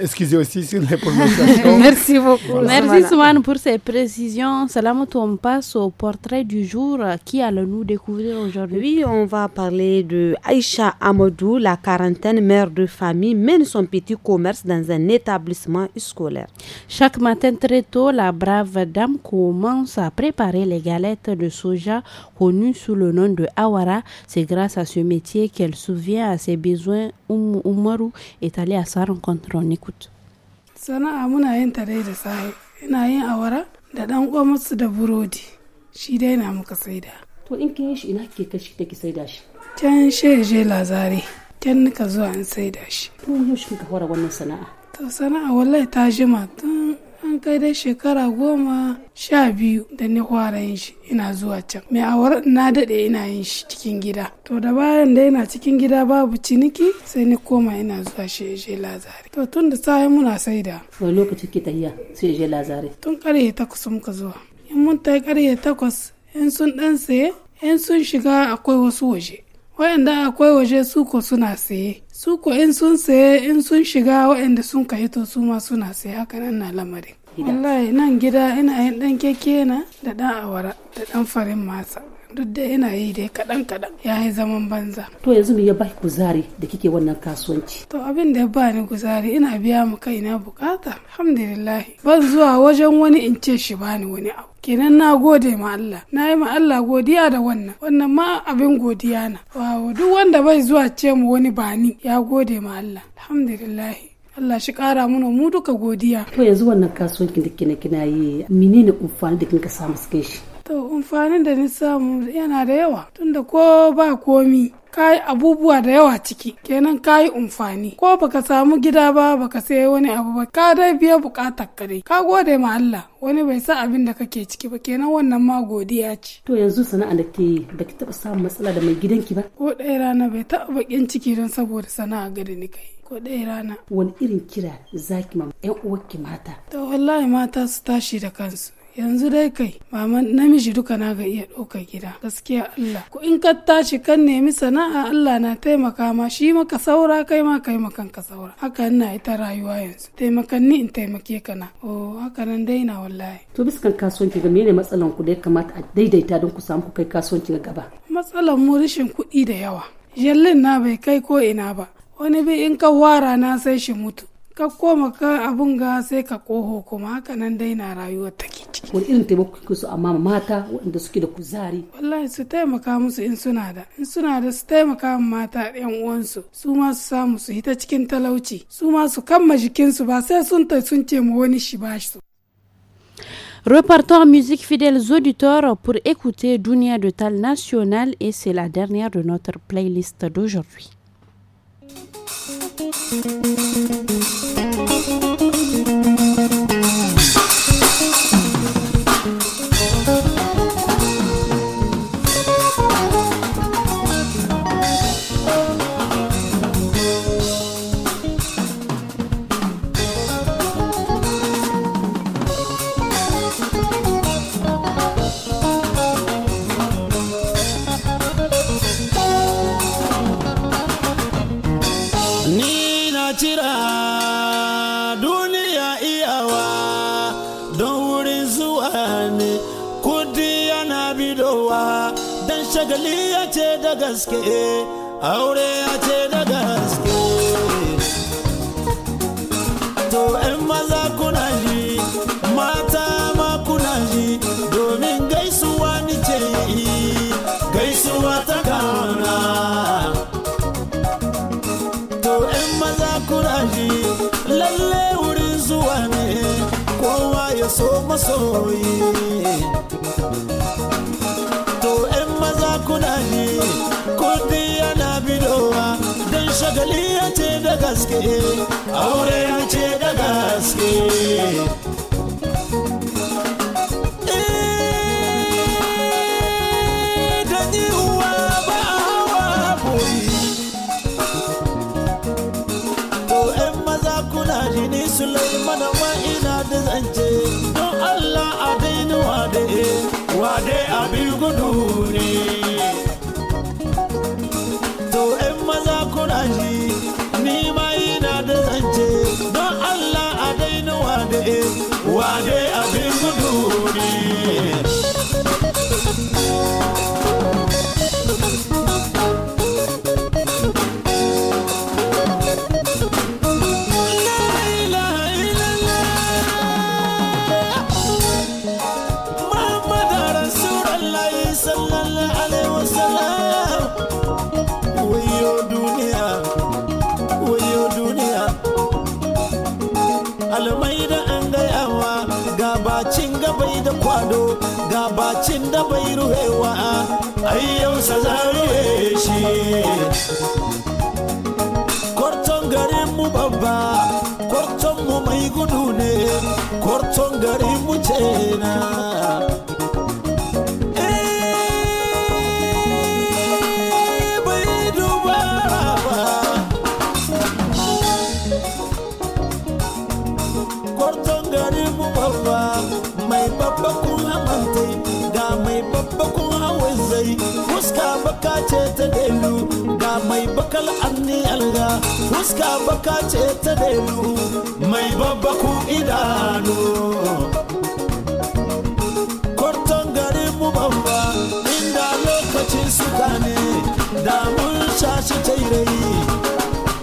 Excusez aussi sur les prononciations. Merci beaucoup. Merci Swan pour ces précisions. Salam, on passe au portrait du jour. Qui allons-nous découvrir aujourd'hui Oui, on va parler de Aïcha Amadou, la quarantaine, mère de famille, mène son petit commerce dans un établissement scolaire. Chaque matin très tôt, la brave dame commence à préparer les galettes de soja connues sous le nom de Awara. C'est grâce à ce métier qu'elle souvient à ses besoins Ummu Umaru est allée à sa rencontre. On écoute. Sana'a muna yin tare da sahi. Ina yin awara da dan musu da burodi. Shi dai na muka saida. To in kin yi shi ina kike kashi take saida shi? Can sheje lazare. Can nika zuwa in saida shi. To yaushe kika fara wannan sana'a? To sana'a wallahi ta jima tun an kai dai shekara goma sha biyu da ni fara yin shi ina zuwa can mai awar na daɗe ina yin shi cikin gida to da bayan da ina cikin gida babu ciniki sai ni koma ina zuwa shi je lazare to tun da sai muna saida to lokacin ki tahiya sai je lazare tun karye takwas muka zuwa in mun ta karye takwas in sun dan saye in sun shiga akwai wasu waje wayanda akwai waje suko suna saye suko in sun saye in sun shiga wayanda sun ka hito su ma suna saye haka nan na lamarin wallahi nan gida ina yin dan keke na da ɗan awara da ɗan farin masa duk da yana yi dai kaɗan kaɗan ya yi zaman banza. To yanzu me ya ba kuzari da kike wannan kasuwanci? To abin da ya bani kuzari ina biya mu kaina bukata alhamdulillah ban zuwa wajen wani in ce shi bani wani abu. kenan na gode ma Allah na yi ma Allah godiya da wannan wannan ma abin godiya na wawo duk wanda bai zuwa ce mu wani bani ya gode ma Allah alhamdulillah Allah shi kara mana mu duka godiya to yanzu wannan kasuwancin da kina kina yi menene amfani da kinka samu cikin shi To amfanin da ni samu yana da yawa tunda ko ba komi ka yi abubuwa da yawa ciki kenan ka yi amfani ko baka samu gida ba baka sayi wani abu ba ka dai biya bukatar ka dai ka gode ma Allah wani bai sa abin da kake ciki ba kenan wannan ma godiya ce to yanzu sana'a da ke baki taba samun matsala da mai gidanki ba ko ɗaya rana bai taba bakin ciki don saboda sana'a ga ni kai ko ɗaya rana wani irin kira zaki ma yan uwarki mata to wallahi mata su tashi da kansu yanzu dai kai maman namiji duka na ga iya ɗaukar gida gaskiya Allah ko in ka tashi kan nemi sana'a Allah na taimaka ma shi maka saura kai ma kai makan ka saura haka ina ita rayuwa yanzu taimakan in taimake ka na o oh, haka nan dai na wallahi to biskan kasuwanci ga mene matsalan ku da ya kamata a daidaita don ku samu ku kai kasuwanci gaba matsalan mu rashin kuɗi da yawa yallin na bai kai ko ina ba wani bi in ka wara na sai shi mutu ka koma ka abun ga sai ka koho kuma haka nan dai na rayuwar take ciki wani irin taimako kike so amma mata waɗanda suke da kuzari wallahi su taimaka musu in suna da in suna da su taimaka mata yan uwansu su ma su samu su hita cikin talauci su ma su kamma su ba sai sun ta sun ce mu wani shi ba su Repartons en musique fidèles auditeurs pour écouter Dunia de Tal National et c'est la dernière de notre playlist d'aujourd'hui. Thank you. bidowa dan shagali ya ce da gaske aure ya ce da gaske to 'yan maza so masoyi to 'yan maza kuna ne kudi yana bidowa don shagali ya ce da gaske aure ya ce da gaske eh, Sulaiman wa ina da zan wade wade abin gudu ne to in maza kuna ji ni ma yana da zance don allah a daina wade wade baba kortso momaigudune kortso ngari mujena ce ta delu ga mai bakal anni alga fuska baka ce ta delu mai babbaku idanu kwarton garin mu bamba inda lokacin suka ne da mun shashi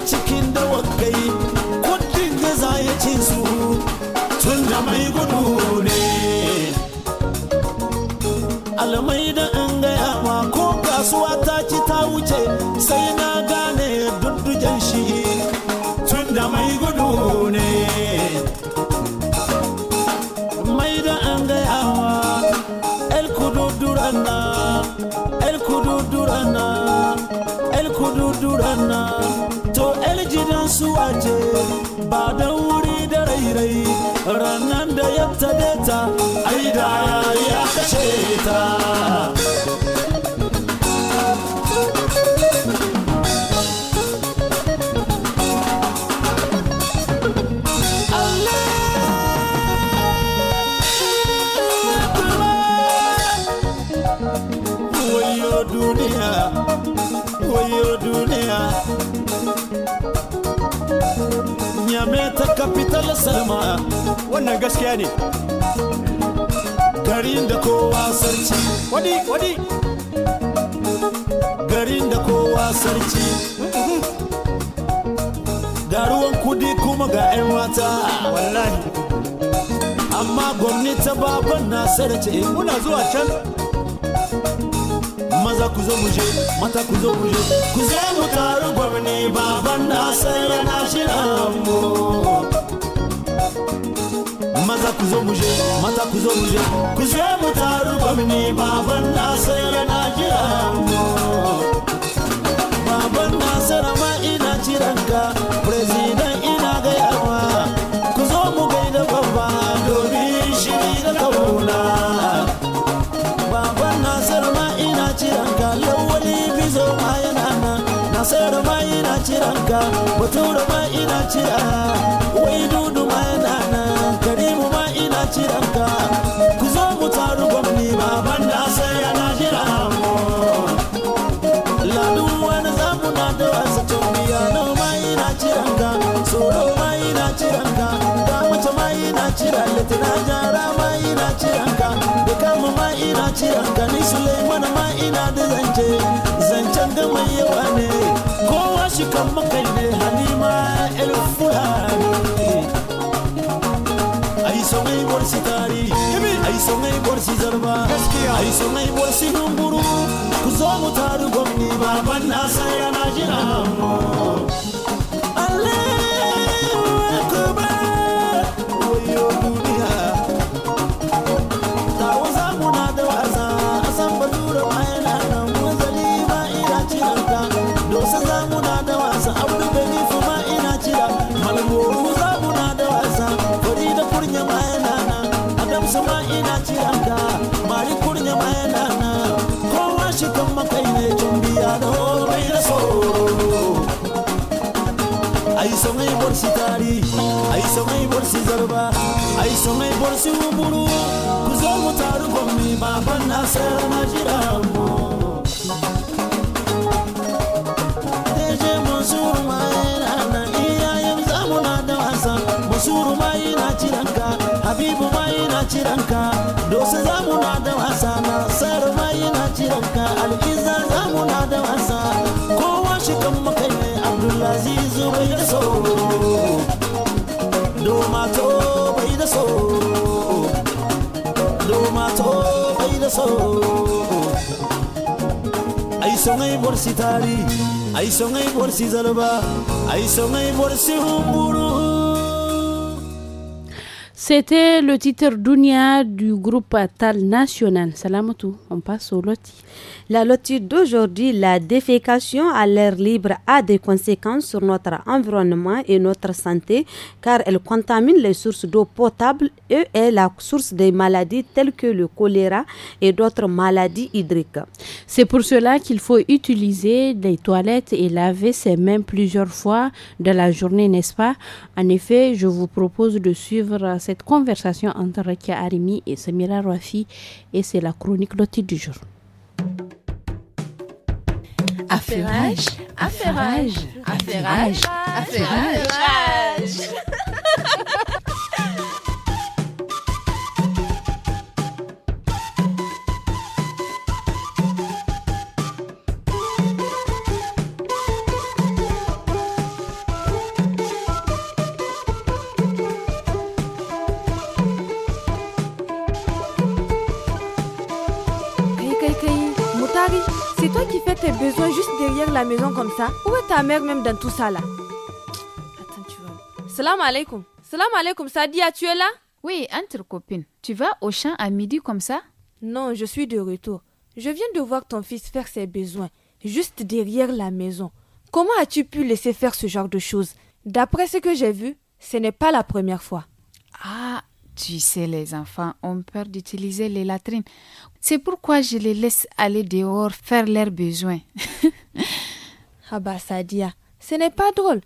cikin dawakai kudin gaza ya ci su tun da mai gudu ne almai kasuwa ta ci ta wuce sai na gane dundujan shi tun da mai gudu ne mai da an gayawa el kudu el kudu el kudu to el gidan su aje ba da wuri da rairai ranar da ya da ta ya kashe ta duniya wayo duniya nyame ta capital salma wannan gaskiya ne garin da kowa sarki wadi wadi garin da kowa sarki ga ruwan kudi kuma ga 'yan mata wallahi amma gwamnati baban na sarce muna zuwa can maza ku zo mata ku zo mu je ku je gwamni baban na san yana shirin maza ku zo mata ku zo mu je ku je mu taru gwamni baban na san yana shirin mu na sarama ina jiranka president da ma ina ciran ka da ma ina cira Wai dudu ma yana nan Karimu ma ina ciranka ka Ku zo mu taru gwamni ma banda sai cira litina jara ma ina ciranka da kama ina ciranka ni suleiman ma ina da zance zancen da mai yawa ne kowa shi kan makai ne halima el fulani ai son ai borsi tari ai son ai borsi zarba ai son ai borsi dunguru ku zo mu taru gwamni baban na yana jira songai borsi zarba ai songai borsi uburu ku zo mu taru gommi baban na sayar na jira mu deje musuru mai na na iyayen zamu na da wasa musuru mai na ciranka habibu mai na ciranka dosa zamu na da wasa na sayar mai na ciranka alkiza zamu na da wasa kowa shi kan makai ne abdullazi zubai so so ay songai borsi tari ay songai borsi zalba ay songai borsi humburu C'était le titre Dunia du groupe Tal National. Salamatou, on passe au loti. La lotie d'aujourd'hui, la défécation à l'air libre a des conséquences sur notre environnement et notre santé car elle contamine les sources d'eau potable et est la source des maladies telles que le choléra et d'autres maladies hydriques. C'est pour cela qu'il faut utiliser des toilettes et laver ses mains plusieurs fois de la journée, n'est-ce pas En effet, je vous propose de suivre cette conversation entre Rakia Arimi et Samira Rafi et c'est la chronique lotie du jour. Affairage, affairage, affairage, affairage. c'est toi qui fais tes besoins la maison comme ça Où est ta mère même dans tout ça là Attends, tu vas. Salam alaikum. Salam alaikum, Sadia, tu es là Oui, entre copines. Tu vas au champ à midi comme ça Non, je suis de retour. Je viens de voir ton fils faire ses besoins, juste derrière la maison. Comment as-tu pu laisser faire ce genre de choses D'après ce que j'ai vu, ce n'est pas la première fois. Ah, tu sais, les enfants ont peur d'utiliser les latrines. C'est pourquoi je les laisse aller dehors faire leurs besoins. Ah bah Sadia, ce n'est pas drôle.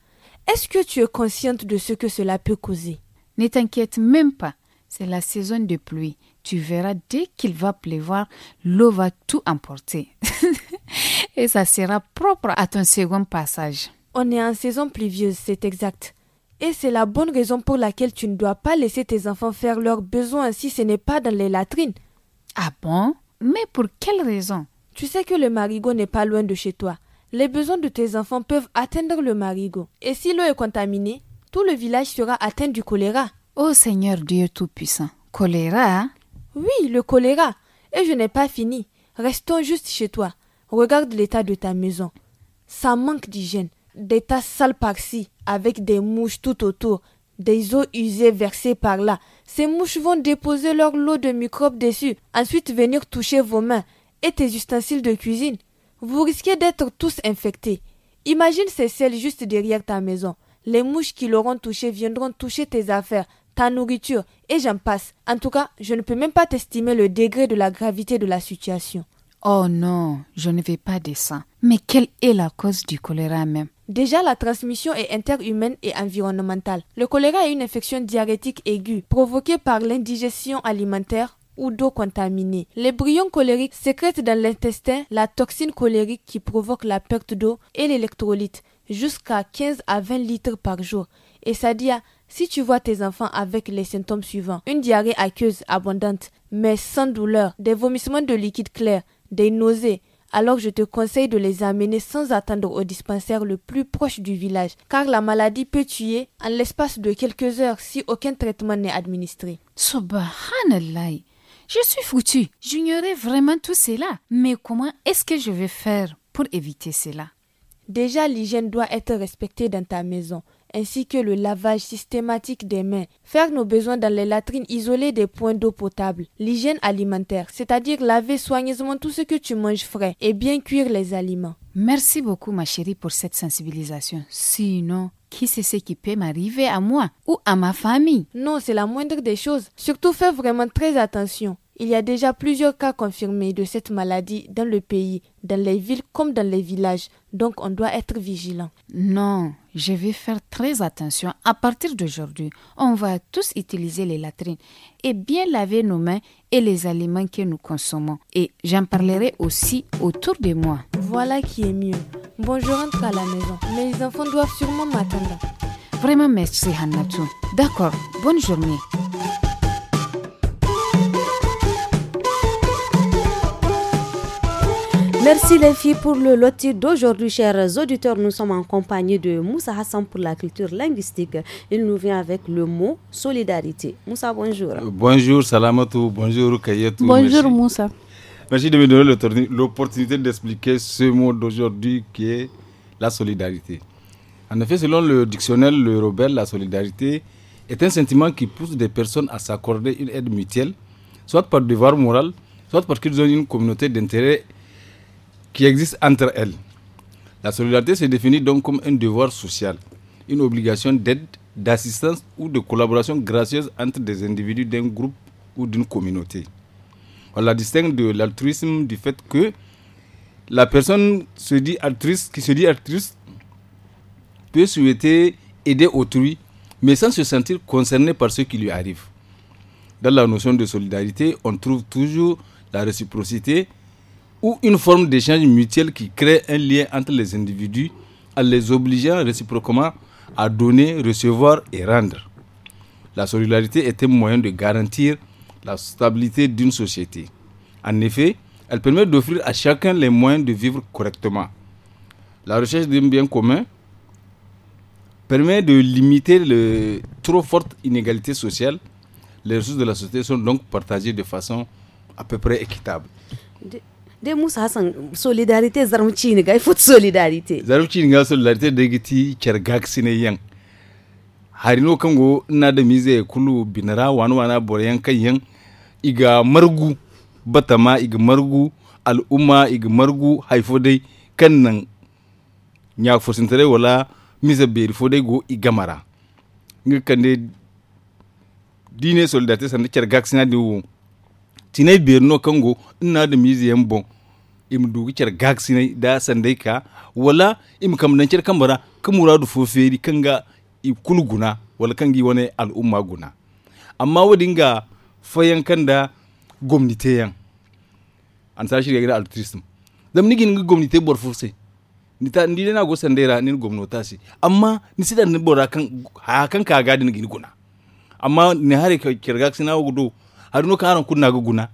Est-ce que tu es consciente de ce que cela peut causer Ne t'inquiète même pas. C'est la saison de pluie. Tu verras dès qu'il va pleuvoir, l'eau va tout emporter. Et ça sera propre à ton second passage. On est en saison pluvieuse, c'est exact. Et c'est la bonne raison pour laquelle tu ne dois pas laisser tes enfants faire leurs besoins si ce n'est pas dans les latrines. Ah bon Mais pour quelle raison Tu sais que le marigot n'est pas loin de chez toi les besoins de tes enfants peuvent atteindre le marigot. Et si l'eau est contaminée, tout le village sera atteint du choléra. Ô Seigneur Dieu Tout-Puissant, choléra hein? Oui, le choléra. Et je n'ai pas fini. Restons juste chez toi. Regarde l'état de ta maison. Ça manque d'hygiène. Des tas sales par-ci, avec des mouches tout autour, des eaux usées versées par là. Ces mouches vont déposer leur lot de microbes dessus, ensuite venir toucher vos mains et tes ustensiles de cuisine vous risquez d'être tous infectés. Imagine ces selles juste derrière ta maison. Les mouches qui l'auront touché viendront toucher tes affaires, ta nourriture, et j'en passe. En tout cas, je ne peux même pas t'estimer le degré de la gravité de la situation. Oh non, je ne vais pas descendre. Mais quelle est la cause du choléra même Déjà, la transmission est interhumaine et environnementale. Le choléra est une infection diarrhétique aiguë provoquée par l'indigestion alimentaire, ou d'eau contaminée. Les brillons colériques sécrètent dans l'intestin la toxine colérique qui provoque la perte d'eau et l'électrolyte jusqu'à 15 à 20 litres par jour. Et ça dit, si tu vois tes enfants avec les symptômes suivants, une diarrhée aqueuse abondante, mais sans douleur, des vomissements de liquide clair, des nausées, alors je te conseille de les amener sans attendre au dispensaire le plus proche du village, car la maladie peut tuer en l'espace de quelques heures si aucun traitement n'est administré. Subhanallah je suis foutu. J'ignorais vraiment tout cela. Mais comment est-ce que je vais faire pour éviter cela Déjà, l'hygiène doit être respectée dans ta maison, ainsi que le lavage systématique des mains. Faire nos besoins dans les latrines isolées des points d'eau potable. L'hygiène alimentaire, c'est-à-dire laver soigneusement tout ce que tu manges frais et bien cuire les aliments. Merci beaucoup, ma chérie, pour cette sensibilisation. Sinon, qui c'est ce qui peut m'arriver à moi ou à ma famille Non, c'est la moindre des choses. Surtout fais vraiment très attention. Il y a déjà plusieurs cas confirmés de cette maladie dans le pays, dans les villes comme dans les villages, donc on doit être vigilant. Non, je vais faire très attention. À partir d'aujourd'hui, on va tous utiliser les latrines et bien laver nos mains et les aliments que nous consommons. Et j'en parlerai aussi autour de moi. Voilà qui est mieux. Bonjour, rentre à la maison, mais les enfants doivent sûrement m'attendre. Vraiment, merci Hanatou. D'accord, bonne journée. Merci les filles pour le loti d'aujourd'hui, chers auditeurs. Nous sommes en compagnie de Moussa Hassan pour la culture linguistique. Il nous vient avec le mot solidarité. Moussa, bonjour. Bonjour Salamatou, bonjour Kayetou. Bonjour Moussa. Merci de me donner l'opportunité d'expliquer ce mot d'aujourd'hui qui est la solidarité. En effet, selon le dictionnaire Le Robert, la solidarité est un sentiment qui pousse des personnes à s'accorder une aide mutuelle, soit par devoir moral, soit parce qu'ils ont une communauté d'intérêts qui existe entre elles. La solidarité se définit donc comme un devoir social, une obligation d'aide, d'assistance ou de collaboration gracieuse entre des individus d'un groupe ou d'une communauté. On la distingue de l'altruisme du fait que la personne se dit altruiste, qui se dit altruiste, peut souhaiter aider autrui, mais sans se sentir concerné par ce qui lui arrive. Dans la notion de solidarité, on trouve toujours la réciprocité ou une forme d'échange mutuel qui crée un lien entre les individus en les obligeant réciproquement à donner, recevoir et rendre. La solidarité est un moyen de garantir la stabilité d'une société. En effet, elle permet d'offrir à chacun les moyens de vivre correctement. La recherche d'un bien commun permet de limiter les trop fortes inégalités sociales. Les ressources de la société sont donc partagées de façon à peu près équitable. de musa la solidarité zarmci ga solidarité zarmci solidarité d'egiti giti ne kango kulu binara wanu wana iga margu bata ma iga margu al'umma iga margu haifo dai kan nan ya fosintare wala misa beri fo dai go iga mara nga dai dine soldate sanda kyar gaksina di wo tinai beri no kango ina da mizi yan bon im dugi kyar gaksina da sandai ka wala im kam nan kyar kamara kamura du fo feri kanga i kulguna wala kangi wane al'umma guna amma wadinga fayan kan da gwamnite yan an sa shirya gida altruism zam ni gini gwamnite bor furse ni ta ni na go sandera ni ta si amma ni sida ni bora kan ha kan ka gadi ni guna amma ni hare ka kirga na gudu har no karan kunna ga guna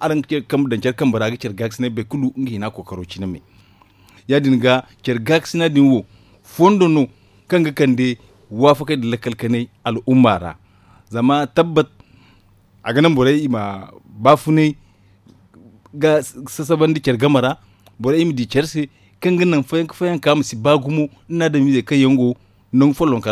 aran kam dan kan bara ga kirga sina be kulu ngi na kokaro ci na me ya ga kirga na din wo fondo no kan ga kan de ka kai da al umara zama tabbat a bore ima bafune ga sasaban di gamara bore imi di ker se kan ganin fayan fayan kamusi bagumo ina da mi zai kai yango nyak merci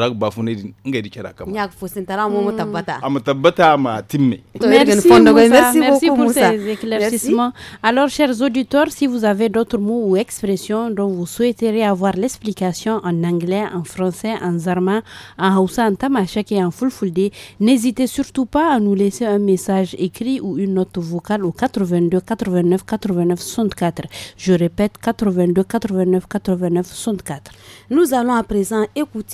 merci, beaucoup, pour ces éclaircissements merci. alors chers auditeurs si vous avez d'autres mots ou expressions dont vous souhaiterez avoir l'explication en anglais en français en zarma en hausa en tamashek et en fulfulde n'hésitez surtout pas à nous laisser un message écrit ou une note vocale au 82 89 89 64 je répète 82 89 89 64 nous allons à présent écouter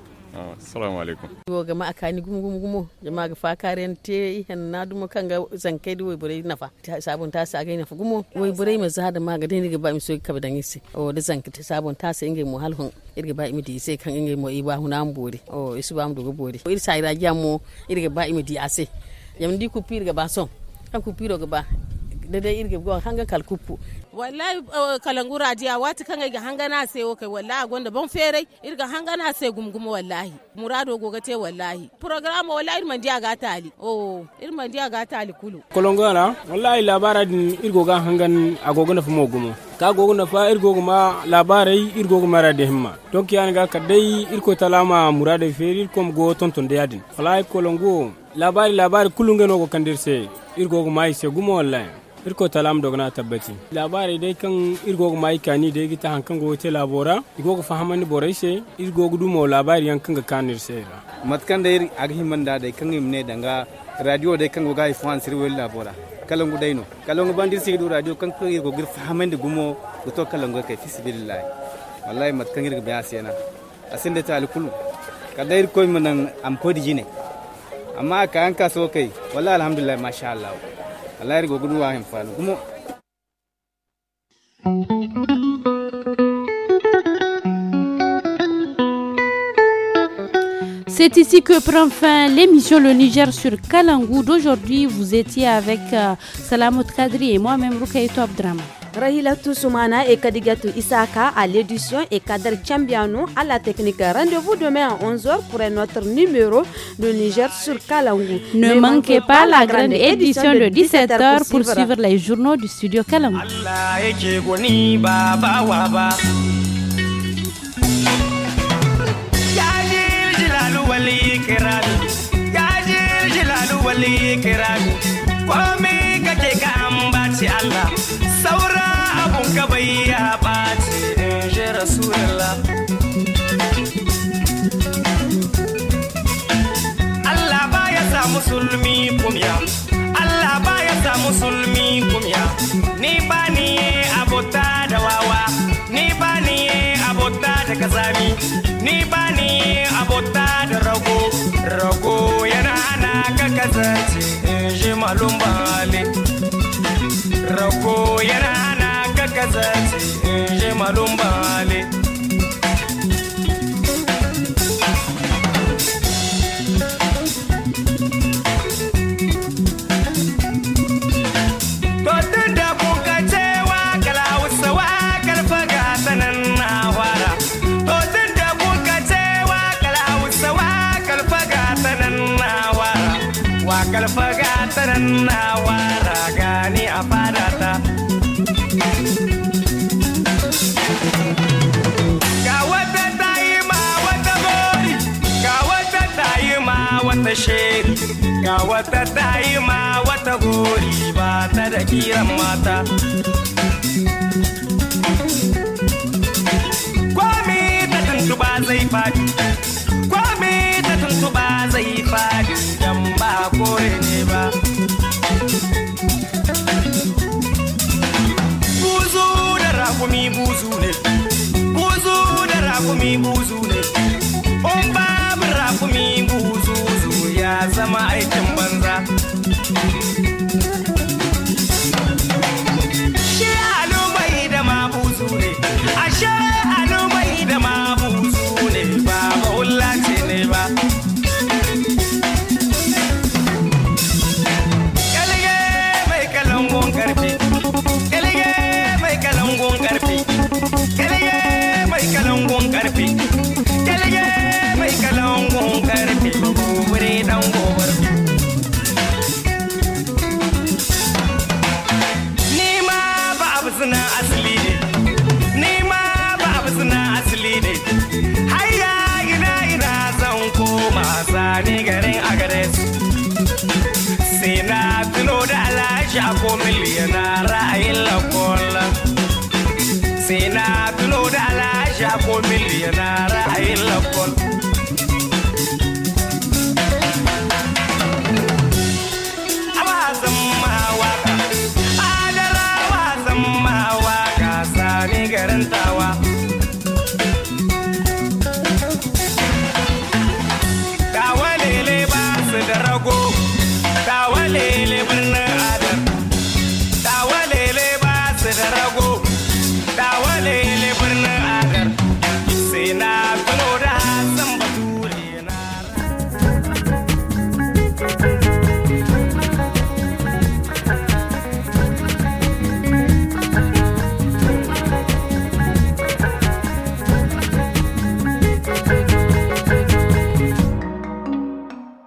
Ah, assalamu alaikum wo ma akani gumu nafa sabon sa ga nafa gumu ma zada ga ga ba mi so o sa inge inge o sa ira di ase ku wallahi eh, kalangura dia wati kanga ga hangana sai wo kai wallahi gonda ban ferai irga hangana sai gumgumo wallahi murado goga te wallahi program wallahi man dia ga tali oh irman jiya ga tali kulu kalangura wallahi labara din irgo ga hangan agogo na fumo gumo ka gogo na fa irgo ma labarai irgo ma ra de himma donc yan ga kadai irko talama murado fere irko go tonton de yadin wallahi kolongo labari labari kulungeno go kandirse irgo ma ise gumo wallahi irko talam dogna tabbati labari dai kan irgo mai kani dai gita hankan go te labora irgo go fahamani boraise irgo go dumo labari yankan ga kanir sera matkan dai aghiman da dai kan imne danga radio dai kan go ga ifan sirwel labora kalangu dai no kalangu bandir sigidu radio kan kan irgo gir fahamani gumo go to kalangu kai fisbillah wallahi matkan irgo biya sena asinde ta alkulu kada irko manan am podi jine amma ka an kaso kai wallahi alhamdulillah masha Allah C'est ici que prend fin l'émission Le Niger sur Kalangou d'aujourd'hui. Vous étiez avec euh, Salamot Kadri et moi-même Rukaito Drama. Rahila et Kadigatu Isaka à l'édition et Kader Chambiano à la technique. Rendez-vous demain à 11h pour un autre numéro de Niger sur Kalangou. Ne, manquez, pas, la grande édition de 17h pour, suivre les journaux du studio Kalangou. E ranka bai ya ɓaci in ji rasulullah Allah ba ya sa musulmi kumya Allah ba ya sa musulmi kumya ni ba ni abota da wawa ni ba ni abota da kazami ni ba ni abota da rago rago yana ana ka kazance in ji malum rago yana kazati nje malumbale ga wata ta yi ma wata gori ba ta da kiran mata kwami ta tuntuba zai faɗi kwami ta tuntuba zai faɗi dan ba kore ne ba buzu da rakumi buzu ne buzu da rakumi buzu ne